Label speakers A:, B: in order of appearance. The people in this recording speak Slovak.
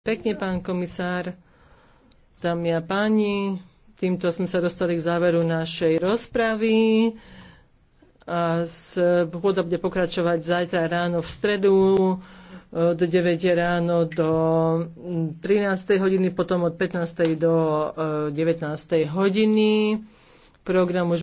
A: Pekne, pán komisár, dámy a páni, týmto sme sa dostali k záveru našej rozpravy. A chôdza bude pokračovať zajtra ráno v stredu od 9 ráno do 13. hodiny, potom od 15. do 19. Eh, hodiny.
B: Program už